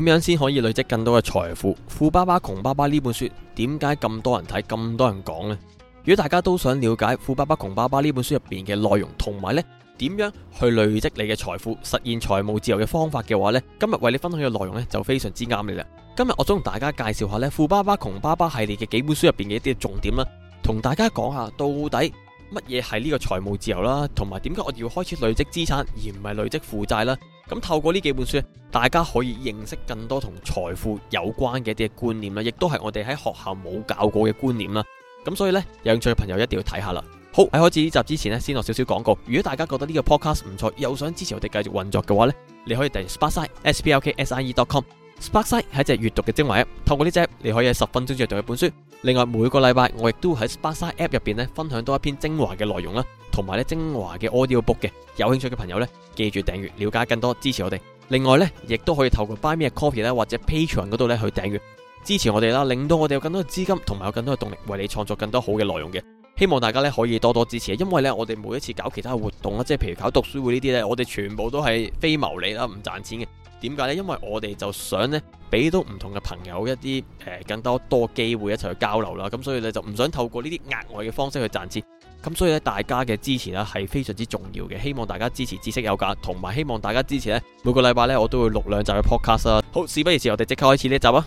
點樣先可以累積更多嘅財富？富爸爸窮爸爸呢本書點解咁多人睇，咁多人講呢？如果大家都想了解富爸爸窮爸爸呢本書入邊嘅內容，同埋呢點樣去累積你嘅財富，實現財務自由嘅方法嘅話呢，今日為你分享嘅內容呢就非常之啱你啦。今日我想同大家介紹下呢富爸爸窮爸爸系列嘅幾本書入邊嘅一啲重點啦，同大家講下到底乜嘢係呢個財務自由啦，同埋點解我哋要開始累積資產而唔係累積負債啦。咁透過呢幾本書，大家可以認識更多同財富有關嘅一啲觀念啦，亦都係我哋喺學校冇教過嘅觀念啦。咁所以呢，有興趣嘅朋友一定要睇下啦。好，喺開始呢集之前咧，先落少少廣告。如果大家覺得呢個 podcast 唔錯，又想支持我哋繼續運作嘅話呢，你可以訂閱 s p a r s i e s p l k s i e dot com。s p a r s i e 係一隻閱讀嘅精華 app，透過呢隻你可以喺十分鐘之內讀一本書。另外每個禮拜我亦都喺 s p a r s i e app 入邊咧分享多一篇精華嘅內容啦。同埋咧，精華嘅 audio book 嘅有興趣嘅朋友呢，記住訂閱，了解更多，支持我哋。另外呢，亦都可以透過 Buy Me A Coffee 啦，或者 Patreon 嗰度呢去訂閱，支持我哋啦，令到我哋有更多嘅資金，同埋有更多嘅動力，為你創作更多好嘅內容嘅。希望大家呢可以多多支持，因為呢，我哋每一次搞其他活動啦，即係譬如搞讀書會呢啲呢，我哋全部都係非牟利啦，唔賺錢嘅。點解呢？因為我哋就想呢，俾到唔同嘅朋友一啲誒更多多機會一齊去交流啦。咁所以呢，就唔想透過呢啲額外嘅方式去賺錢。咁所以咧，大家嘅支持啊，係非常之重要嘅。希望大家支持知識有價，同埋希望大家支持咧，每個禮拜咧，我都會錄兩集嘅 podcast 啊。好，事不宜遲，我哋即刻開始呢集啊！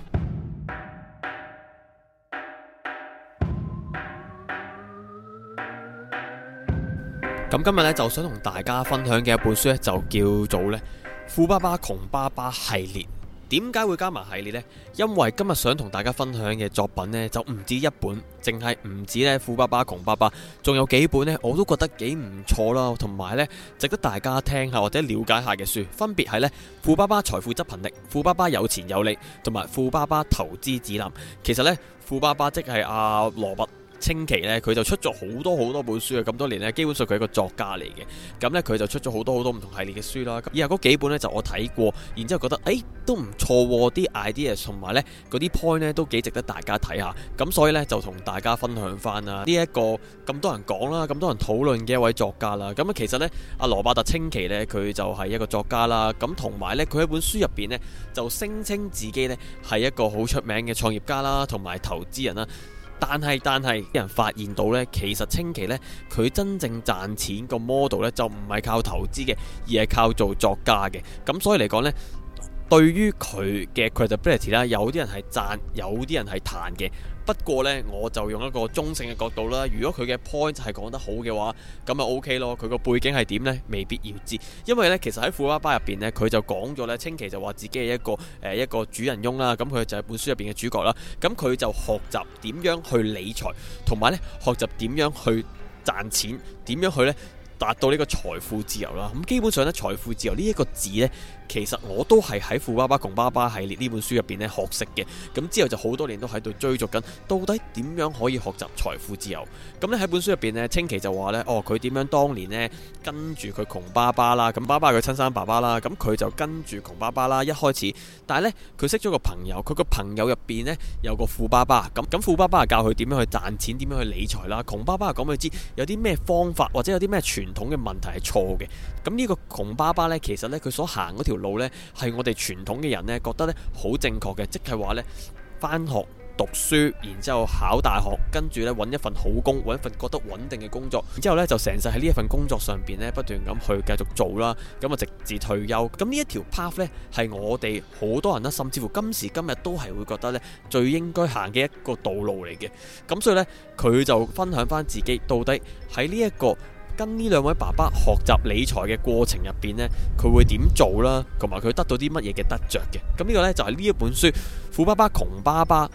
咁今日咧，就想同大家分享嘅一本書咧，就叫做咧《富爸爸窮爸爸》系列。點解會加埋系列呢？因為今日想同大家分享嘅作品呢，就唔止一本，淨係唔止呢《富爸爸窮爸爸》，仲有幾本呢，我都覺得幾唔錯啦，同埋呢，值得大家聽下或者了解下嘅書，分別係呢《富爸爸財富執行力》、《富爸爸有錢有利》同埋《富爸爸投資指南》。其實呢，《富爸爸》即、啊，即係阿羅伯。清奇呢，佢就出咗好多好多本書啊！咁多年呢，基本上佢係一個作家嚟嘅。咁呢，佢就出咗好多好多唔同系列嘅書啦。而係嗰幾本呢，就我睇過，然之後覺得誒、哎、都唔錯喎、啊，啲 ideas 同埋呢嗰啲 point 呢，都幾值得大家睇下。咁所以呢，就同大家分享翻啦，呢、這、一個咁多人講啦，咁多，多人討論嘅一位作家啦。咁啊，其實呢，阿羅伯特清奇呢，佢就係一個作家啦。咁同埋呢，佢喺本書入邊呢，就聲稱自己呢係一個好出名嘅創業家啦，同埋投資人啦。但係，但係，俾人發現到呢，其實清奇呢，佢真正賺錢個 model 呢，就唔係靠投資嘅，而係靠做作家嘅。咁所以嚟講呢。對於佢嘅 credibility 啦，有啲人係讚，有啲人係彈嘅。不過呢，我就用一個中性嘅角度啦。如果佢嘅 point 係講得好嘅話，咁咪 OK 咯。佢個背景係點呢？未必要知。因為呢，其實喺富爸爸入邊呢，佢就講咗呢，清奇就話自己係一個誒、呃、一個主人翁啦。咁佢就係本書入邊嘅主角啦。咁佢就學習點樣去理財，同埋呢學習點樣去賺錢，點樣去呢達到呢個財富自由啦。咁基本上呢，財富自由呢一個字呢。其實我都係喺《富爸爸窮爸爸》系列呢本書入邊咧學識嘅，咁之後就好多年都喺度追逐緊，到底點樣可以學習財富自由？咁咧喺本書入邊咧，清崎就話咧，哦佢點樣當年呢？跟住佢窮爸爸啦，咁爸爸係佢親生爸爸啦，咁佢就跟住窮爸爸啦，一開始，但係呢，佢識咗個朋友，佢個朋友入邊呢有個富爸爸，咁咁富爸爸就教佢點樣去賺錢，點樣去理財啦，窮爸爸就講俾佢知有啲咩方法或者有啲咩傳統嘅問題係錯嘅。咁呢個窮爸爸呢，其實呢，佢所行嗰條。路呢，係我哋傳統嘅人呢，覺得呢好正確嘅，即係話呢，返學讀書，然之後考大學，跟住呢揾一份好工，揾一份覺得穩定嘅工作，然之後呢，就成世喺呢一份工作上邊呢不斷咁去繼續做啦，咁啊直至退休。咁呢一條 path 呢，係我哋好多人啦，甚至乎今時今日都係會覺得呢最應該行嘅一個道路嚟嘅。咁所以呢，佢就分享返自己到底喺呢一個。跟呢兩位爸爸學習理財嘅過程入邊呢，佢會點做啦？同埋佢得到啲乜嘢嘅得着嘅？咁、這、呢個呢，就係呢一本書《富爸爸窮爸爸》爸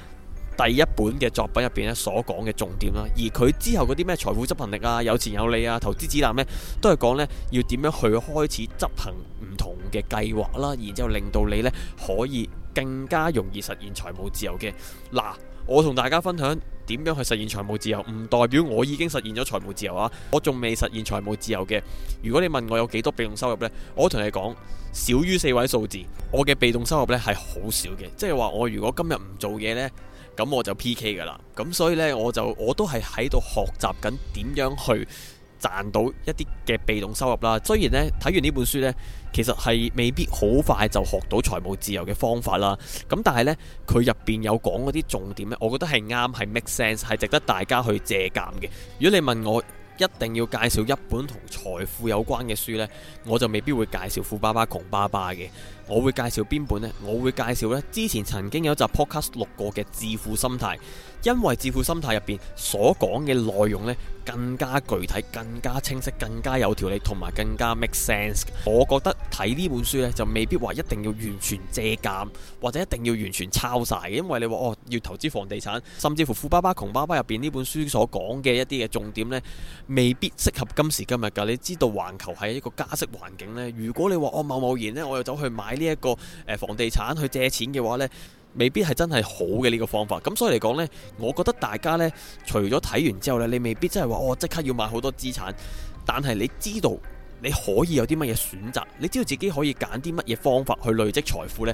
爸第一本嘅作品入邊咧所講嘅重點啦。而佢之後嗰啲咩財富執行力啊、有錢有理啊、投資指南咧，都係講呢，要點樣去開始執行唔同嘅計劃啦，然之後令到你呢可以更加容易實現財務自由嘅嗱。我同大家分享點樣去實現財務自由，唔代表我已經實現咗財務自由啊！我仲未實現財務自由嘅。如果你問我有幾多被動收入呢？我同你講少於四位數字，我嘅被動收入呢係好少嘅。即係話我如果今日唔做嘢呢，咁我就 PK 噶啦。咁所以呢，我就我都係喺度學習緊點樣去。賺到一啲嘅被動收入啦，雖然呢，睇完呢本書呢，其實係未必好快就學到財務自由嘅方法啦。咁但係呢，佢入邊有講嗰啲重點呢，我覺得係啱，係 make sense，係值得大家去借鑑嘅。如果你問我一定要介紹一本同財富有關嘅書呢，我就未必會介紹《富爸爸窮爸爸》嘅。我會介紹邊本呢？我會介紹呢之前曾經有一集 podcast 錄過嘅《致富心態》。因為致富心態入邊所講嘅內容呢，更加具體、更加清晰、更加有條理，同埋更加 make sense。我覺得睇呢本書呢，就未必話一定要完全借鑑，或者一定要完全抄晒。因為你話哦，要投資房地產，甚至乎富爸爸窮爸爸入邊呢本書所講嘅一啲嘅重點呢，未必適合今時今日噶你知道環球係一個加息環境呢，如果你話我、哦、貿貿然呢，我又走去買呢一個誒房地產去借錢嘅話呢，未必係真係好嘅呢個方法，咁所以嚟講呢，我覺得大家呢，除咗睇完之後呢，你未必真係話哦，即刻要買好多資產，但係你知道你可以有啲乜嘢選擇，你知道自己可以揀啲乜嘢方法去累積財富呢？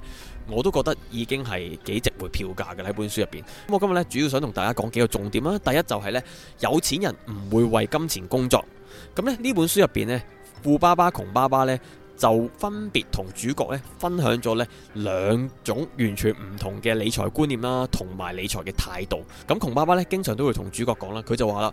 我都覺得已經係幾值回票價嘅喺本書入邊。咁我今日呢，主要想同大家講幾個重點啦。第一就係呢，有錢人唔會為金錢工作。咁呢，呢本書入邊呢，富爸爸窮爸爸呢。就分別同主角咧分享咗咧兩種完全唔同嘅理財觀念啦，同埋理財嘅態度。咁、嗯、窮爸爸咧經常都會同主角講啦，佢就話啦：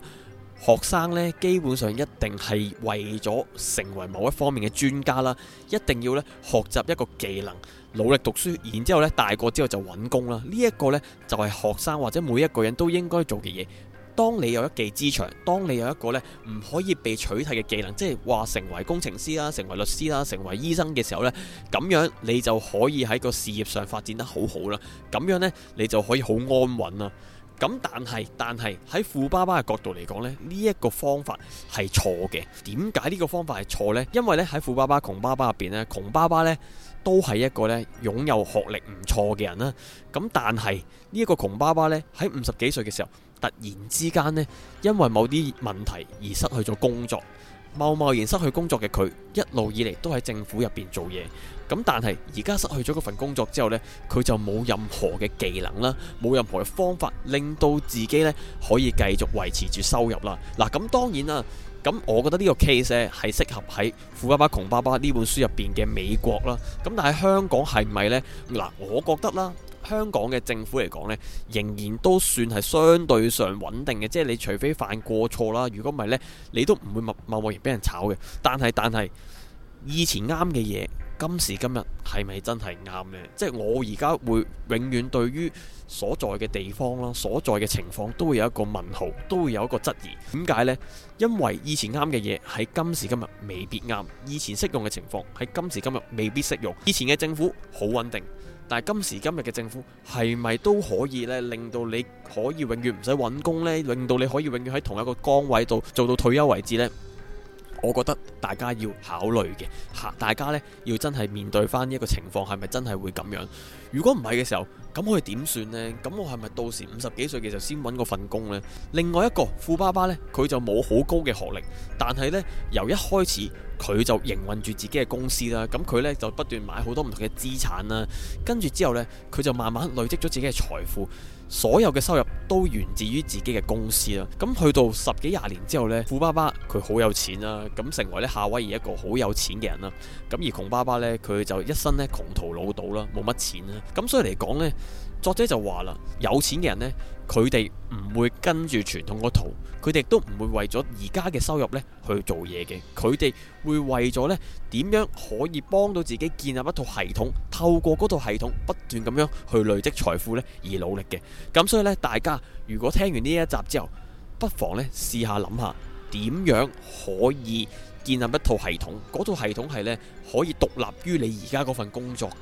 學生呢，基本上一定係為咗成為某一方面嘅專家啦，一定要咧學習一個技能，努力讀書，然之後咧大個之後就揾工啦。呢、這、一個呢，就係、是、學生或者每一個人都應該做嘅嘢。當你有一技之長，當你有一個咧唔可以被取替嘅技能，即係話成為工程師啦，成為律師啦，成為醫生嘅時候呢，咁樣你就可以喺個事業上發展得好好啦。咁樣呢，你就可以好安穩啦。咁但係，但係喺富爸爸嘅角度嚟講呢，呢一個方法係錯嘅。點解呢個方法係錯呢？因為呢，喺富爸爸、窮爸爸入邊呢，窮爸爸呢都係一個咧擁有學歷唔錯嘅人啦。咁但係呢一個窮爸爸呢，喺五十幾歲嘅時候，突然之間呢，因為某啲問題而失去咗工作，貿貿然失去工作嘅佢，一路以嚟都喺政府入邊做嘢，咁但係而家失去咗嗰份工作之後呢，佢就冇任何嘅技能啦，冇任何嘅方法令到自己呢可以繼續維持住收入啦。嗱、啊，咁當然啦，咁我覺得呢個 case 係適合喺《富爸爸窮爸爸》呢本書入邊嘅美國啦，咁但係香港係咪呢？嗱、嗯，我覺得啦。香港嘅政府嚟講呢，仍然都算係相對上穩定嘅，即係你除非犯過錯啦。如果唔係呢你都唔會默默然俾人炒嘅。但係但係，以前啱嘅嘢，今時今日係咪真係啱呢？即係我而家會永遠對於所在嘅地方啦、所在嘅情況都會有一個問號，都會有一個質疑。點解呢？因為以前啱嘅嘢喺今時今日未必啱，以前適用嘅情況喺今時今日未必適用。以前嘅政府好穩定。但係今時今日嘅政府係咪都可以呢，令到你可以永遠唔使揾工呢，令到你可以永遠喺同一個崗位度做到退休為止呢？我覺得大家要考慮嘅，吓大家呢要真係面對翻一個情況，係咪真係會咁樣？如果唔係嘅時候，咁我哋點算呢？咁我係咪到時五十幾歲嘅時候先搵嗰份工呢？另外一個富爸爸呢，佢就冇好高嘅學歷，但係呢由一開始佢就營運住自己嘅公司啦。咁佢呢就不斷買好多唔同嘅資產啦，跟住之後呢，佢就慢慢累積咗自己嘅財富。所有嘅收入都源自於自己嘅公司啦。咁去到十幾廿年之後呢，富爸爸佢好有錢啦、啊，咁成為咧夏威夷一個好有錢嘅人啦、啊。咁而窮爸爸呢，佢就一生呢窮途潦倒啦，冇乜錢啦、啊。咁所以嚟講呢，作者就話啦，有錢嘅人呢。」佢哋唔會跟住傳統個圖，佢哋都唔會為咗而家嘅收入呢去做嘢嘅，佢哋會為咗呢點樣可以幫到自己建立一套系統，透過嗰套系統不斷咁樣去累積財富呢而努力嘅。咁所以呢，大家如果聽完呢一集之後，不妨呢試下諗下點樣可以，建立一套系統，嗰套系統係咧，可以獨立於你而家嗰份工作嘅。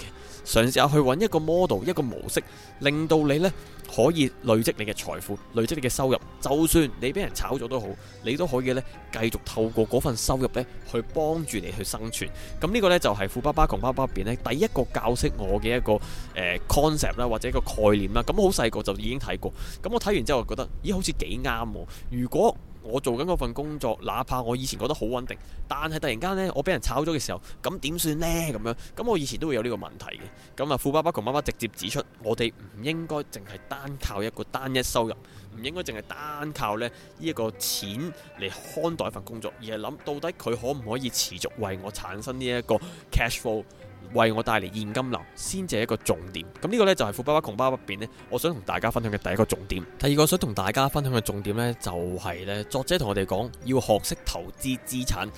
嘗試下去揾一個 model，一個模式，令到你咧可以累積你嘅財富，累積你嘅收入。就算你俾人炒咗都好，你都可以咧繼續透過嗰份收入咧去幫助你去生存。咁呢個咧就係《富爸爸窮爸爸》入邊咧第一個教識我嘅一個誒、呃、concept 啦，或者一個概念啦。咁好細個就已經睇過。咁我睇完之後就覺得，咦，好似幾啱。如果我做緊嗰份工作，哪怕我以前覺得好穩定，但係突然間呢，我俾人炒咗嘅時候，咁點算呢？咁樣，咁我以前都會有呢個問題嘅。咁啊，富爸爸同媽媽直接指出，我哋唔應該淨係單靠一個單一收入，唔應該淨係單靠呢呢一個錢嚟看待一份工作，而係諗到底佢可唔可以持續為我產生呢一個 cash flow。為我帶嚟現金流，先至係一個重點。咁呢個呢，就係富爸爸窮爸爸入面呢，我想同大家分享嘅第一個重點。第二個想同大家分享嘅重點呢，就係、是、呢，作者同我哋講，要學識投資資產，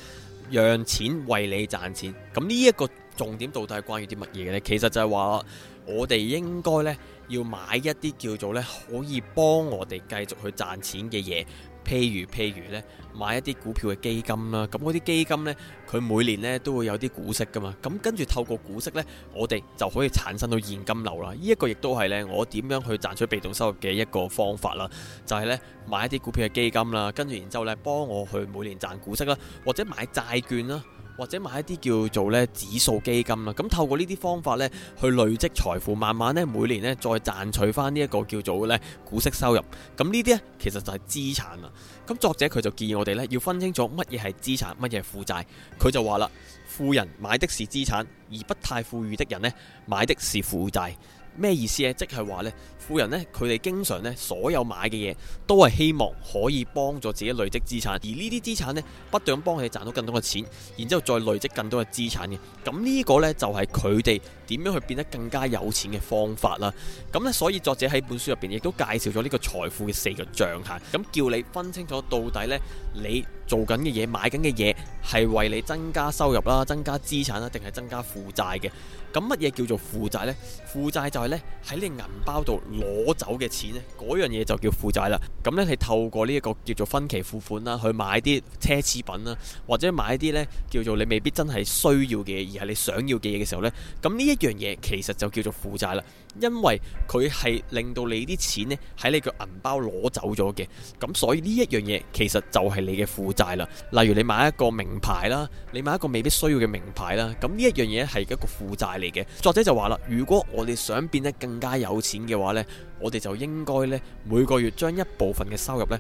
讓錢為你賺錢。咁呢一個重點到底係關於啲乜嘢呢？其實就係話我哋應該呢，要買一啲叫做呢，可以幫我哋繼續去賺錢嘅嘢。譬如譬如呢，買一啲股票嘅基金啦，咁嗰啲基金呢，佢每年呢都會有啲股息噶嘛，咁跟住透過股息呢，我哋就可以產生到現金流啦。呢、這、一個亦都係呢，我點樣去賺取被動收入嘅一個方法啦，就係、是、呢，買一啲股票嘅基金啦，跟住然之後呢幫我去每年賺股息啦，或者買債券啦。或者買一啲叫做咧指數基金啦，咁透過呢啲方法咧去累積財富，慢慢咧每年咧再賺取返呢一個叫做咧股息收入，咁呢啲咧其實就係資產啦。咁作者佢就建議我哋咧要分清楚乜嘢係資產，乜嘢係負債。佢就話啦，富人買的是資產，而不太富裕的人咧買的是負債。咩意思呢？即係話呢富人呢，佢哋經常呢所有買嘅嘢都係希望可以幫助自己累積資產，而呢啲資產呢，不斷咁幫佢哋賺到更多嘅錢，然之後再累積更多嘅資產嘅。咁呢個呢，就係佢哋點樣去變得更加有錢嘅方法啦。咁呢，所以作者喺本書入邊亦都介紹咗呢個財富嘅四個象限，咁叫你分清楚到底呢你。做緊嘅嘢、買緊嘅嘢，係為你增加收入啦、增加資產啦，定係增加負債嘅？咁乜嘢叫做負債呢？負債就係呢，喺你銀包度攞走嘅錢呢，嗰樣嘢就叫負債啦。咁呢係透過呢一個叫做分期付款啦，去買啲奢侈品啦，或者買啲呢叫做你未必真係需要嘅嘢，而係你想要嘅嘢嘅時候呢。咁呢一樣嘢其實就叫做負債啦，因為佢係令到你啲錢呢喺你個銀包攞走咗嘅，咁所以呢一樣嘢其實就係你嘅負債。債啦，例如你買一個名牌啦，你買一個未必需要嘅名牌啦，咁呢一樣嘢係一個負債嚟嘅。作者就話啦，如果我哋想變得更加有錢嘅話呢，我哋就應該呢每個月將一部分嘅收入呢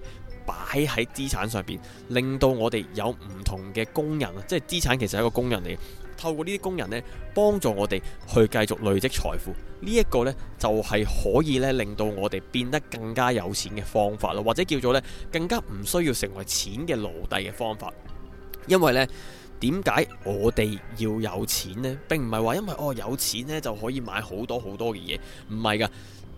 擺喺資產上邊，令到我哋有唔同嘅工人啊，即係資產其實係一個工人嚟。透過呢啲工人呢，幫助我哋去繼續累積財富，呢一個呢，就係可以咧令到我哋變得更加有錢嘅方法咯，或者叫做咧更加唔需要成為錢嘅奴隸嘅方法。因為呢，點解我哋要有錢呢？並唔係話因為哦有錢呢就可以買好多好多嘅嘢，唔係噶。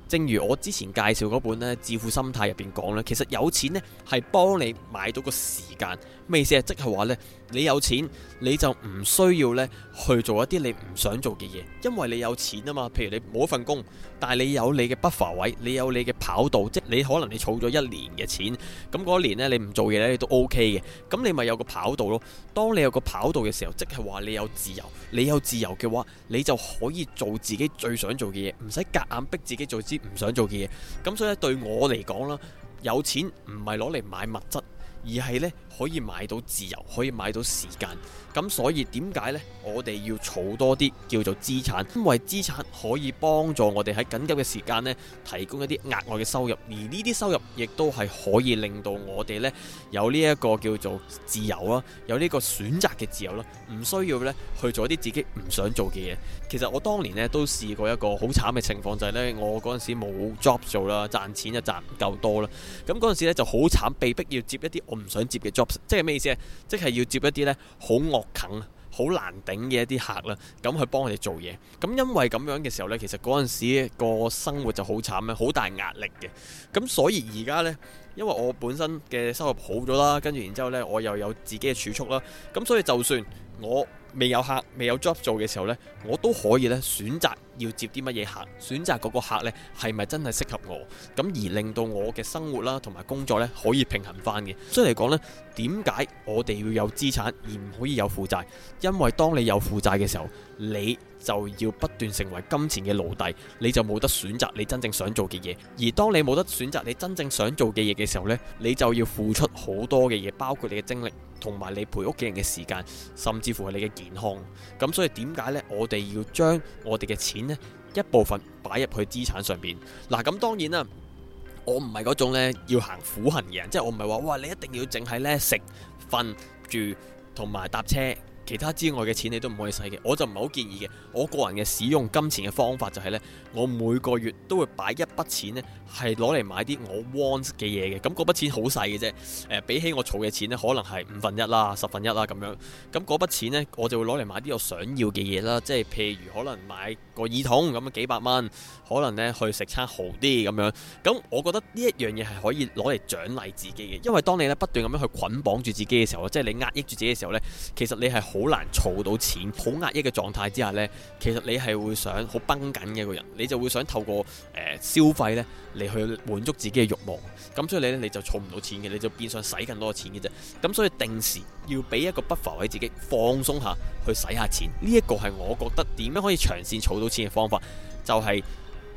正如我之前介紹嗰本咧《致富心態》入邊講咧，其實有錢呢係幫你買到個時間。咩意思？即係話呢，你有錢你就唔需要呢去做一啲你唔想做嘅嘢，因為你有錢啊嘛。譬如你冇一份工，但係你有你嘅 buffer 位，你有你嘅跑道，即係你可能你儲咗一年嘅錢，咁嗰一年呢，你唔做嘢咧都 O K 嘅。咁你咪有個跑道咯。當你有個跑道嘅時候，即係話你有自由，你有自由嘅話，你就可以做自己最想做嘅嘢，唔使夾硬逼自己做啲唔想做嘅嘢。咁所以咧對我嚟講啦，有錢唔係攞嚟買物質，而係呢。可以買到自由，可以買到時間。咁所以點解呢？我哋要儲多啲叫做資產，因為資產可以幫助我哋喺緊急嘅時間呢提供一啲額外嘅收入，而呢啲收入亦都係可以令到我哋呢有呢一個叫做自由啦，有呢個選擇嘅自由啦。唔需要呢去做一啲自己唔想做嘅嘢。其實我當年呢都試過一個好慘嘅情況，就係呢我嗰陣時冇 job 做啦，賺錢就賺唔夠多啦。咁嗰陣時呢就好慘，被逼要接一啲我唔想接嘅 job。即係咩意思咧即係要接一啲呢好惡啃、好難頂嘅一啲客啦，咁去幫佢哋做嘢。咁因為咁樣嘅時候呢，其實嗰陣時個生活就好慘咧，好大壓力嘅。咁所以而家呢，因為我本身嘅收入好咗啦，跟住然之後呢，我又有自己嘅儲蓄啦，咁所以就算我，未有客、未有 job 做嘅時候呢，我都可以呢選擇要接啲乜嘢客，選擇嗰個客呢，係咪真係適合我？咁而令到我嘅生活啦同埋工作呢，可以平衡翻嘅。所以嚟講呢，點解我哋要有資產而唔可以有負債？因為當你有負債嘅時候，你就要不斷成為金錢嘅奴隸，你就冇得選擇你真正想做嘅嘢。而當你冇得選擇你真正想做嘅嘢嘅時候呢，你就要付出好多嘅嘢，包括你嘅精力。同埋你陪屋企人嘅時間，甚至乎係你嘅健康，咁所以點解呢？我哋要將我哋嘅錢呢一部分擺入去資產上邊。嗱，咁當然啦，我唔係嗰種呢要行苦行嘅人，即係我唔係話哇，你一定要淨係呢食、瞓、住同埋搭車。其他之外嘅錢你都唔可以使嘅，我就唔係好建議嘅。我個人嘅使用金錢嘅方法就係呢：我每個月都會擺一筆錢呢係攞嚟買啲我 want 嘅嘢嘅。咁嗰筆錢好細嘅啫，比起我儲嘅錢呢可能係五分一啦、十分一啦咁樣。咁嗰筆錢呢，我就會攞嚟買啲我想要嘅嘢啦，即係譬如可能買個耳筒咁樣幾百蚊，可能呢去食餐豪啲咁樣。咁我覺得呢一樣嘢係可以攞嚟獎勵自己嘅，因為當你呢不斷咁樣去捆綁住自己嘅時候，即係你壓抑住自己嘅時候呢，其實你係好，好難儲到錢，好壓抑嘅狀態之下呢，其實你係會想好繃緊嘅一個人，你就會想透過誒、呃、消費呢嚟去滿足自己嘅慾望。咁所以你呢，你就儲唔到錢嘅，你就變相使更多錢嘅啫。咁所以定時要俾一個 buffer 俾自己放鬆下去使下錢，呢一個係我覺得點樣可以長線儲到錢嘅方法，就係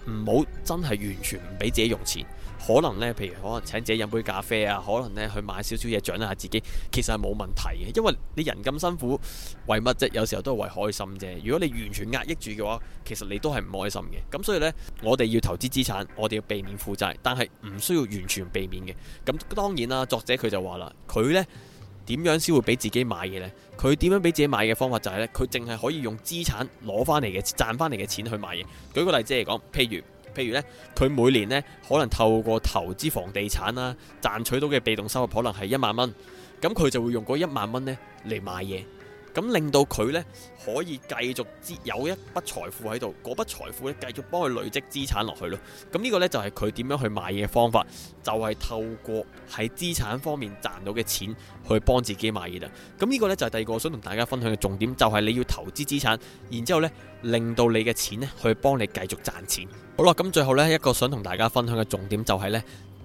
唔好真係完全唔俾自己用錢。可能呢，譬如可能請自己飲杯咖啡啊，可能呢去買少少嘢獎勵下自己，其實係冇問題嘅，因為你人咁辛苦，為乜啫？有時候都係為開心啫。如果你完全壓抑住嘅話，其實你都係唔開心嘅。咁所以呢，我哋要投資資產，我哋要避免負債，但係唔需要完全避免嘅。咁當然啦，作者佢就話啦，佢呢點樣先會俾自己買嘢呢？佢點樣俾自己買嘅方法就係呢，佢淨係可以用資產攞翻嚟嘅賺翻嚟嘅錢去買嘢。舉個例子嚟講，譬如。譬如咧，佢每年咧可能透過投資房地產啦、啊，賺取到嘅被動收入可能係一萬蚊，咁佢就會用嗰一萬蚊咧嚟買嘢。咁令到佢呢可以繼續有一筆財富喺度，嗰筆財富呢繼續幫佢累積資產落去咯。咁、這、呢個呢，就係佢點樣去買嘢嘅方法，就係、是、透過喺資產方面賺到嘅錢去幫自己買嘢啦。咁、這、呢個呢，就係第二個我想同大家分享嘅重點，就係、是、你要投資資產，然之後呢令到你嘅錢呢去幫你繼續賺錢。好啦，咁最後呢，一個想同大家分享嘅重點就係、是、呢。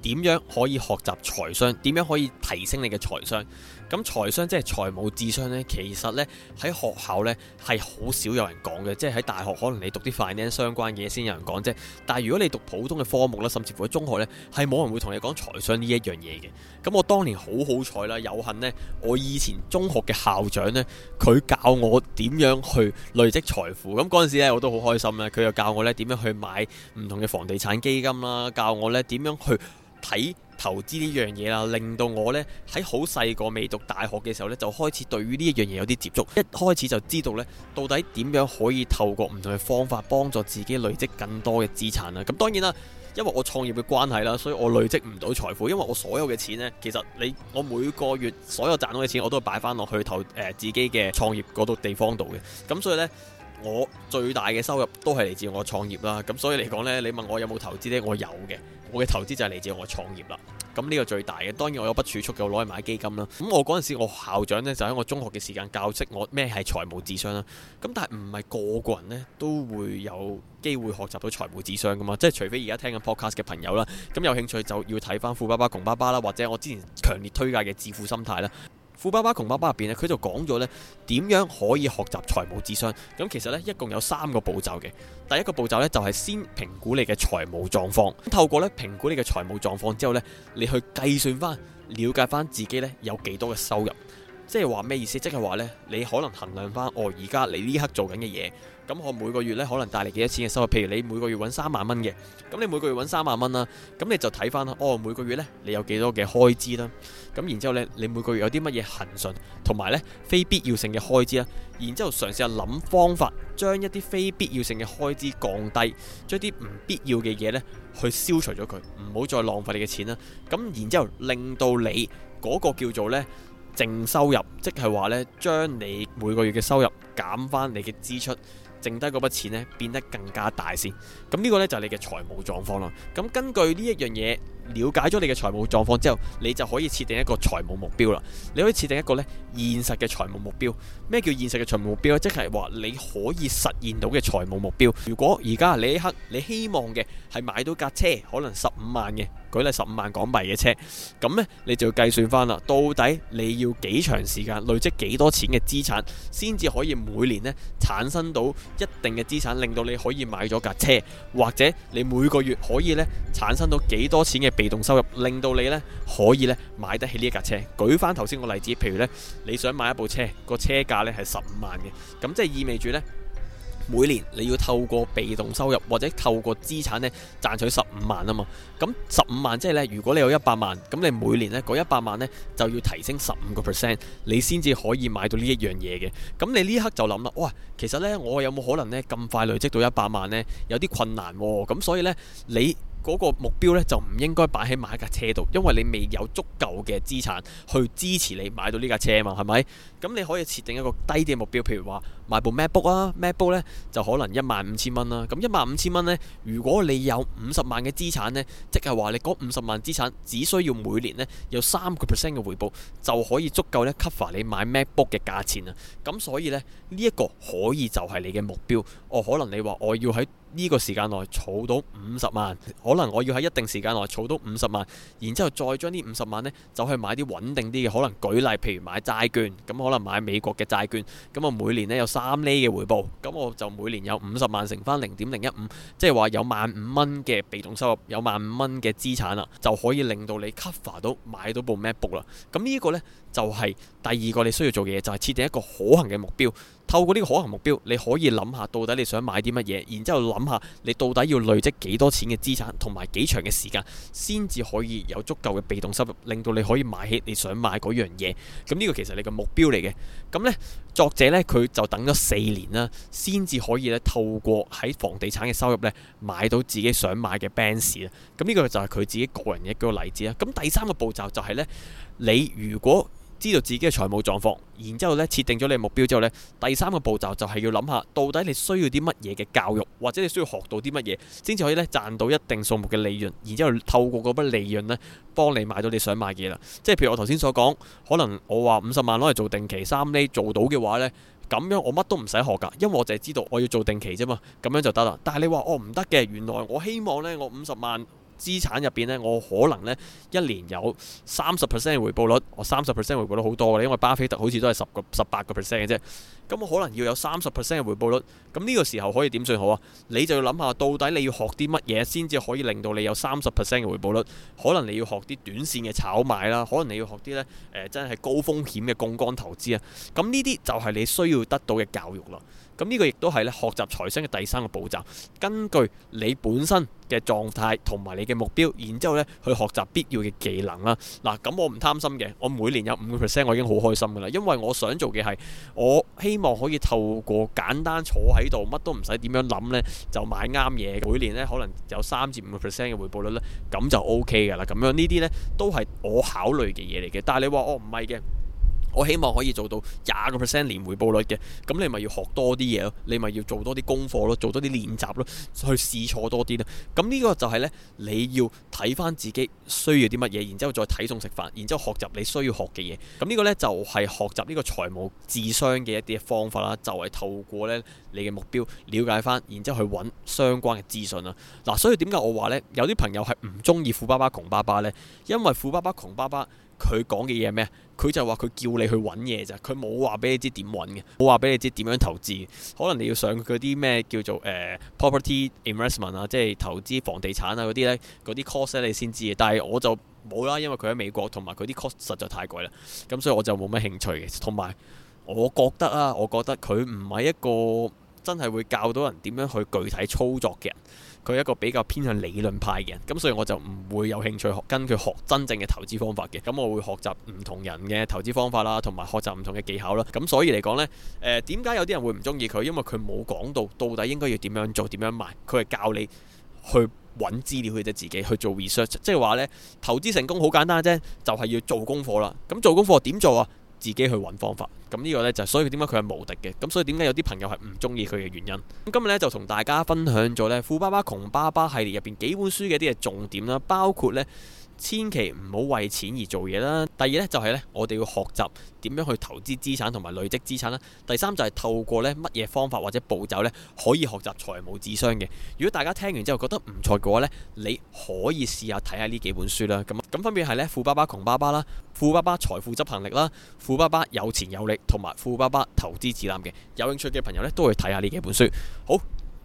點樣可以學習財商？點樣可以提升你嘅財商？咁財商即係財務智商呢？其實呢，喺學校呢，係好少有人講嘅，即係喺大學可能你讀啲 finance 相關嘢，先有人講啫。但係如果你讀普通嘅科目啦，甚至乎喺中學呢，係冇人會同你講財商呢一樣嘢嘅。咁我當年好好彩啦，有幸呢，我以前中學嘅校長呢，佢教我點樣去累積財富。咁嗰陣時呢，我都好開心啦。佢又教我呢點樣去買唔同嘅房地產基金啦，教我呢點樣去。睇投資呢樣嘢啦，令到我呢喺好細個未讀大學嘅時候呢，就開始對於呢一樣嘢有啲接觸。一開始就知道呢，到底點樣可以透過唔同嘅方法幫助自己累積更多嘅資產啦。咁當然啦，因為我創業嘅關係啦，所以我累積唔到財富，因為我所有嘅錢呢，其實你我每個月所有賺到嘅錢我都擺翻落去投誒自己嘅創業嗰度地方度嘅。咁所以呢，我最大嘅收入都係嚟自我創業啦。咁所以嚟講呢，你問我有冇投資呢？我有嘅。我嘅投資就係嚟自我創業啦，咁呢個最大嘅。當然我有筆儲蓄嘅，我攞去買基金啦。咁我嗰陣時我校長呢，就喺我中學嘅時間教識我咩係財務智商啦。咁但係唔係個個人呢都會有機會學習到財務智商噶嘛？即係除非而家聽緊 podcast 嘅朋友啦，咁有興趣就要睇翻富爸爸窮爸爸啦，或者我之前強烈推介嘅《致富心態》啦。富爸爸窮爸爸入邊咧，佢就講咗呢點樣可以學習財務智商。咁其實呢，一共有三個步驟嘅。第一個步驟呢，就係先評估你嘅財務狀況。透過呢評估你嘅財務狀況之後呢，你去計算翻、了解翻自己呢有幾多嘅收入。即係話咩意思？即係話呢，你可能衡量翻哦，而家你呢刻做緊嘅嘢，咁我每個月呢，可能帶嚟幾多錢嘅收入？譬如你每個月揾三萬蚊嘅咁你每個月揾三萬蚊啦，咁你就睇翻啦。哦，每個月呢，你有幾多嘅開支啦？咁然之後咧，你每個月有啲乜嘢恒順，同埋呢非必要性嘅開支啦。然之後嘗試下諗方法，將一啲非必要性嘅開支降低，將啲唔必要嘅嘢呢去消除咗佢，唔好再浪費你嘅錢啦。咁然之後令到你嗰個叫做呢。淨收入，即係話呢，將你每個月嘅收入減翻你嘅支出，剩低嗰筆錢呢，變得更加大先。咁呢個呢，就係你嘅財務狀況咯。咁根據呢一樣嘢。了解咗你嘅財務狀況之後，你就可以設定一個財務目標啦。你可以設定一個咧現實嘅財務目標。咩叫現實嘅財務目標咧？即係話你可以實現到嘅財務目標。如果而家你一刻，你希望嘅係買到架車，可能十五萬嘅，舉例十五萬港幣嘅車，咁咧你就要計算翻啦。到底你要幾長時間累積幾多錢嘅資產先至可以每年咧產生到一定嘅資產令到你可以買咗架車，或者你每個月可以咧產生到幾多錢嘅？被動收入令到你呢，可以呢買得起呢一架車。舉翻頭先個例子，譬如呢，你想買一部車，個車價呢係十五萬嘅，咁即係意味住呢，每年你要透過被動收入或者透過資產呢賺取十五萬啊嘛。咁十五萬即係呢，如果你有一百萬，咁你每年呢嗰一百萬呢，就要提升十五個 percent，你先至可以買到呢一樣嘢嘅。咁你呢刻就諗啦，哇，其實呢，我有冇可能呢咁快累積到一百萬呢？有啲困難喎，啊。咁所以呢，你。嗰個目標咧就唔應該擺喺買架車度，因為你未有足夠嘅資產去支持你買到呢架車嘛，係咪？咁你可以設定一個低啲嘅目標，譬如話。買部 MacBook 啊，MacBook 呢，就可能一萬五千蚊啦。咁一萬五千蚊呢，如果你有五十萬嘅資產呢，即係話你嗰五十萬資產只需要每年呢有三個 percent 嘅回報就可以足夠呢 cover 你買 MacBook 嘅價錢啊。咁所以呢，呢一個可以就係你嘅目標。哦，可能你話我要喺呢個時間內儲到五十萬，可能我要喺一定時間內儲到五十萬，然之後再將呢五十萬呢，就去買啲穩定啲嘅，可能舉例譬如買債券，咁可能買美國嘅債券，咁啊每年呢有。三厘嘅回報，咁我就每年有五十萬乘翻零點零一五，即係話有萬五蚊嘅被動收入，有萬五蚊嘅資產啦，就可以令到你 cover 到買到部 MacBook 啦。咁呢個呢就係第二個你需要做嘅嘢，就係設定一個可行嘅目標。透過呢個可行目標，你可以諗下到底你想買啲乜嘢，然之後諗下你到底要累積幾多錢嘅資產同埋幾長嘅時間，先至可以有足夠嘅被動收入，令到你可以買起你想買嗰樣嘢。咁呢個其實你嘅目標嚟嘅。咁呢作者呢，佢就等咗四年啦，先至可以咧透過喺房地產嘅收入呢，買到自己想買嘅 Benz 啊。咁呢個就係佢自己個人嘅嗰個例子啦。咁第三個步驟就係呢：你如果知道自己嘅財務狀況，然之後咧設定咗你目標之後咧，第三個步驟就係要諗下，到底你需要啲乜嘢嘅教育，或者你需要學到啲乜嘢，先至可以咧賺到一定數目嘅利潤。然之後透過嗰筆利潤咧幫你買到你想買嘅嘢啦。即係譬如我頭先所講，可能我話五十萬攞嚟做定期三厘做到嘅話呢，咁樣我乜都唔使學㗎，因為我就係知道我要做定期啫嘛，咁樣就得啦。但係你話我唔得嘅，原來我希望呢我五十萬，資產入邊呢，我可能呢，一年有三十 percent 嘅回報率，我三十 percent 回報率好多嘅，因為巴菲特好似都係十個、十八個 percent 嘅啫。咁我可能要有三十 percent 嘅回報率，咁呢個時候可以點算好啊？你就要諗下，到底你要學啲乜嘢先至可以令到你有三十 percent 嘅回報率？可能你要學啲短線嘅炒賣啦，可能你要學啲呢，誒、呃，真係高風險嘅槓桿投資啊。咁呢啲就係你需要得到嘅教育啦。咁呢個亦都係咧學習財商嘅第三個步驟，根據你本身嘅狀態同埋你嘅目標，然之後咧去學習必要嘅技能啦。嗱、啊，咁我唔貪心嘅，我每年有五個 percent，我已經好開心噶啦。因為我想做嘅係，我希望可以透過簡單坐喺度，乜都唔使點樣諗咧，就買啱嘢。每年咧可能有三至五個 percent 嘅回報率咧，咁就 OK 噶啦。咁樣呢啲咧都係我考慮嘅嘢嚟嘅。但係你話我唔係嘅。我希望可以做到廿個 percent 年回報率嘅，咁你咪要學多啲嘢咯，你咪要做多啲功課咯，做多啲練習咯，去試錯多啲啦。咁呢個就係呢，你要睇翻自己需要啲乜嘢，然之後再睇餸食飯，然之後學習你需要學嘅嘢。咁呢個呢，就係、是、學習呢個財務智商嘅一啲方法啦，就係、是、透過呢你嘅目標了解翻，然之後去揾相關嘅資訊啦。嗱，所以點解我話呢？有啲朋友係唔中意富爸爸窮爸爸呢，因為富爸爸窮爸爸。佢講嘅嘢係咩？佢就話佢叫你去揾嘢咋。佢冇話俾你知點揾嘅，冇話俾你知點樣投資。可能你要上嗰啲咩叫做誒、呃、property investment 啊，即係投資房地產啊嗰啲呢，嗰啲 course 呢你先知嘅。但係我就冇啦，因為佢喺美國，同埋佢啲 course 實在太貴啦，咁所以我就冇乜興趣嘅。同埋我覺得啊，我覺得佢唔係一個真係會教到人點樣去具體操作嘅人，佢係一個比較偏向理論派嘅人，咁所以我就唔會有興趣跟學跟佢學真正嘅投資方法嘅，咁我會學習唔同人嘅投資方法啦，同埋學習唔同嘅技巧啦，咁所以嚟講呢，誒、呃，點解有啲人會唔中意佢？因為佢冇講到到底應該要點樣做，點樣賣，佢係教你去揾資料，佢就是、自己去做 research，即係話呢，投資成功好簡單啫，就係、是、要做功課啦，咁做功課點做啊？自己去揾方法，咁、這、呢個呢，就所以點解佢係無敵嘅，咁所以點解有啲朋友係唔中意佢嘅原因。咁今日呢，就同大家分享咗呢「富爸爸窮爸爸」系列入邊幾本書嘅一啲嘅重點啦，包括呢。千祈唔好為錢而做嘢啦。第二呢，就係呢，我哋要學習點樣去投資資產同埋累積資產啦。第三就係透過呢乜嘢方法或者步驟呢，可以學習財務智商嘅。如果大家聽完之後覺得唔錯嘅話呢，你可以試下睇下呢幾本書啦。咁咁分別係呢富爸爸窮爸爸啦，富爸爸財富執行力啦，富爸爸有錢有力同埋富爸爸投資指南嘅。有興趣嘅朋友呢，都去睇下呢幾本書。好。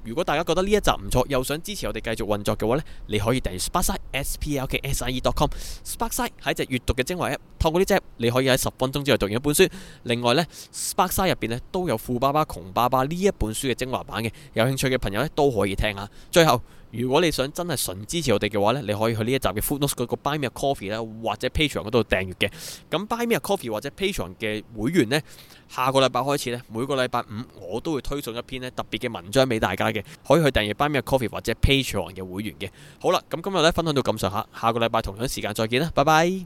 如果大家覺得呢一集唔錯，又想支持我哋繼續運作嘅話咧，你可以訂閱 side, s p a r k s、I、e S P L K S I E dot com。Sparkside 係一隻閱讀嘅精華 app，透過呢隻你可以喺十分鐘之內讀完一本書。另外呢 s p a r k s 入邊咧都有《富爸爸窮爸爸》呢一本書嘅精華版嘅，有興趣嘅朋友咧都可以聽下。最後。如果你想真係純支持我哋嘅話咧，你可以去呢一集嘅 Food Notes 嗰個 Buy Me A Coffee 咧，或者 Patreon 嗰度訂閲嘅。咁 Buy Me A Coffee 或者 Patreon 嘅會員呢，下個禮拜開始呢，每個禮拜五我都會推送一篇咧特別嘅文章俾大家嘅，可以去訂閲 Buy Me A Coffee 或者 Patreon 嘅會員嘅。好啦，咁今日呢分享到咁上下，下個禮拜同樣時間再見啦，拜拜。